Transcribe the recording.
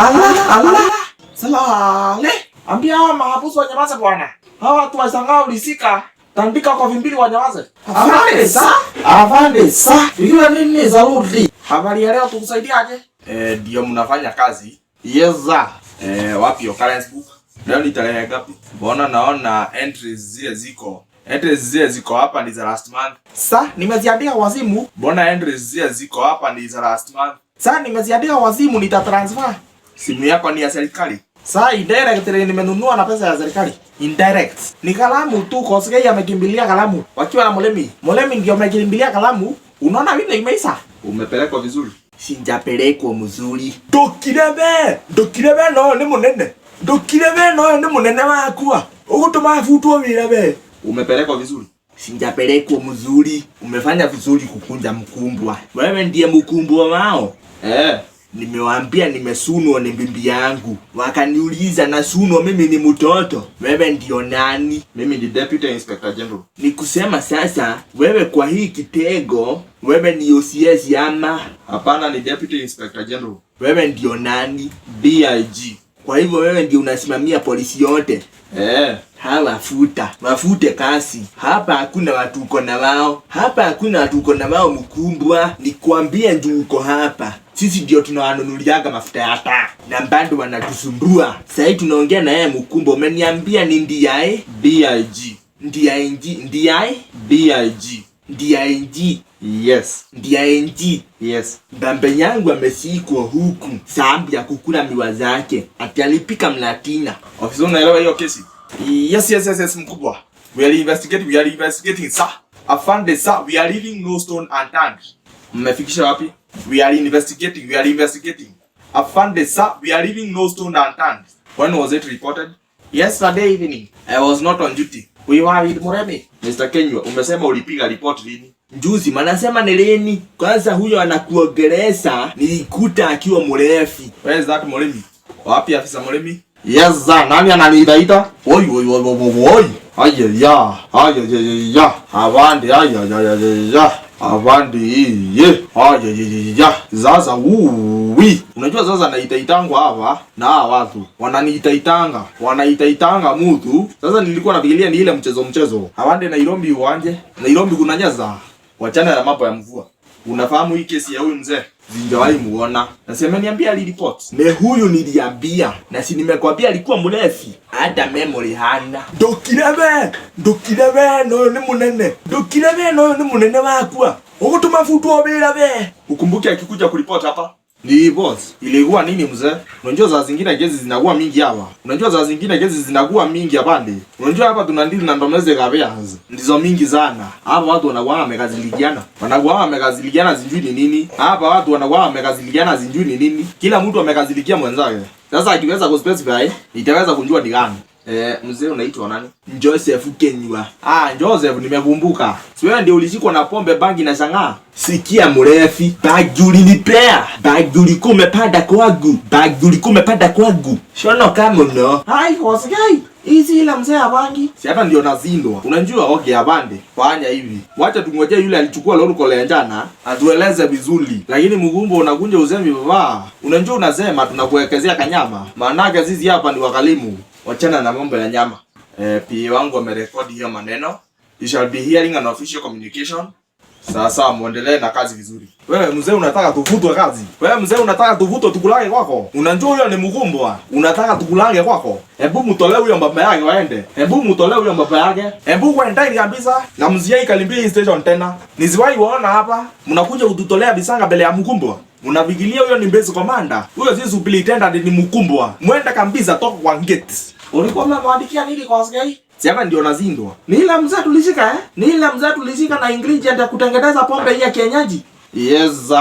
Allah, Allah. Salale. Ambia hawa mahabusu wanyamaze bwana. Hawa watu wasangaa ulisika. Tandika kwa vimbili wanyamaze. Afande sa. Afande sa. Yule nini zarudi? Habari ya leo tukusaidiaje? Eh, ndio mnafanya kazi. Yeza. Eh, wapi your currency book? Leo ni tarehe ngapi? Mbona naona entries zile ziko Entries zile ziko hapa ni za last month. Sa, nimeziandika wazimu. Mbona entries zile ziko hapa ni za last month? Sa, nimeziandika wazimu nitatransfer. Simu yako ni ya serikali. Sasa indirect ile nimenunua na pesa ya serikali. Indirect. Ni kalamu tu kwa sababu amekimbilia kalamu. Wakiwa na Molemi. Molemi ndio amekimbilia kalamu. Unaona vile imeisa? Umepelekwa vizuri. Sinjapelekwa mzuri. Dokirebe. Dokirebe no ni munene. Dokirebe no ni munene wakua. Ugutuma afutwo mirebe. Umepelekwa vizuri. Sinjapelekwa mzuri. Umefanya vizuri kukunja mkumbwa. Wewe ndiye mkumbwa wao. Eh. Nimewambia nimesunwa ni bibi yangu. Wakaniuliza na sunwa mimi ni mtoto. Wewe ndio nani? Mimi ni Deputy Inspector General. Nikusema sasa wewe kwa hii kitego wewe ni OCS ama? Hapana, ni Deputy Inspector General. Wewe ndio nani? DIG. Kwa hivyo wewe ndio unasimamia polisi yote. Eh. Hawa futa. Wafute kasi. Hapa hakuna watu uko na wao. Hapa hakuna watu uko na wao mkumbwa. Nikwambie ndio uko hapa. Sisi ndio tunawanunuliaga mafuta ya taa na bado wanatusumbua. Sasa hivi tunaongea na yeye Mkumbo, umeniambia ni ndiae BIG. Ndiae ndiae BIG. Ndiae Yes. Ndiae Yes. Bambe yangu amesikwa huku sambi ya kukula miwa zake. Ati mlatina. Ofisa, unaelewa hiyo kesi? Yes, yes, yes, yes, mkubwa. We are investigating, we are investigating, sir. I found Afande, sir, we are leaving no stone unturned mmefikisha wapi? We are investigating, we are investigating. Afande sir, we are leaving no stone unturned. When was it reported? Yesterday evening. I was not on duty. We were with Muremi. Mr. Kenywa, umesema ulipiga report lini? Juzi, manasema ni leni. Kwanza huyo anakuongeleza nilikuta akiwa mrefi. Where is that Muremi? Wapi afisa Muremi? Yes sir, nani ananiitaita? Oi oi oi oi oi. Aya ya. Aya ya ya. ya. Afande aya ya ya ya abandiye ayayaya ah, zaza wuwi. Unajua zaza naitaitangwa hapa na hawa watu wananiitaitanga, wanaitaitanga mutu. Sasa nilikuwa nafikiria ni ile mchezo mchezo, avande nairombi uwanje nairombi kunanyaza, wachana na mambo ya mvua. Unafahamu hii kesi ya huyu mzee? Sijawahi muona. Nasema niambia report. Ni huyu niliambia. Na si nimekwambia alikuwa mrefu. Hata memory hana. Ndokirebe. Ndokirebe no ni munene. Ndokirebe no ni munene wakwa. Ukutuma futu obira be. Ukumbuke akikuja kuripoti hapa. Ni boss, ilikuwa nini mzee? Unajua za zingine gezi zinakuwa mingi hapa. Unajua za zingine gezi zinakuwa mingi hapa ndi. Unajua hapa tuna ndili na ndomeze kabea. Ndizo mingi sana. Hapa watu wanakuwa wamekaziligiana. Wanakuwa wamekaziligiana sijui ni nini. Hapa watu wanakuwa wamekaziligiana sijui ni nini. Kila mtu amekazilikia mwenzake. Sasa akiweza kuspecify, itaweza kunjua ni gani. Eh, mzee unaitwa nani? Joseph Kenywa. Ah, Joseph nimekumbuka. Si wewe ndio ulishikwa na pombe bangi na shangaa? Sikia mrefi, bangi ulinipea. Bangi ulikuwa umepanda kwangu. Bangi ulikuwa umepanda kwangu. Shono kama no. Hai, hosigai. Hizi ila mzee ya bangi. Si hapa ndio nazindwa. Unajua okay abande. Fanya hivi. Wacha tungoje yule alichukua lolo kole njana atueleze vizuri. Lakini mgumbo unakunja uzembe baba. Unajua unasema tunakuwekezea kanyama. Maana hizi hapa ni wakalimu wachana na mambo ya nyama. Eh, PA wangu wamerekodi hiyo maneno. You shall be hearing an official communication. Sasa muendelee na kazi vizuri. Wewe mzee unataka tuvutwe kazi? Wewe mzee unataka tuvutwe tukulange kwako? Unajua huyo ni mgumbwa. Unataka tukulange kwako? Hebu mtolee huyo mbaba yake waende. Hebu mtolee huyo mbaba yake. Hebu waende ndani kabisa. Na mzee ikalimbie station tena. Nisiwahi waona hapa. Mnakuja kututolea bisanga mbele ya mgumbwa. Mnavigilia huyo ni base commander? Huyo si superintendent ni mgumbwa. Mwenda kabisa toka kwa gate. Ulikuwa mnamwandikia nini kwa wasgai? Si hapa ndio nazindwa. Ni ila mzaa tulishika eh? Ni ila mzaa tulishika na ingredient ya kutengeneza pombe hii ya kienyeji. Yes.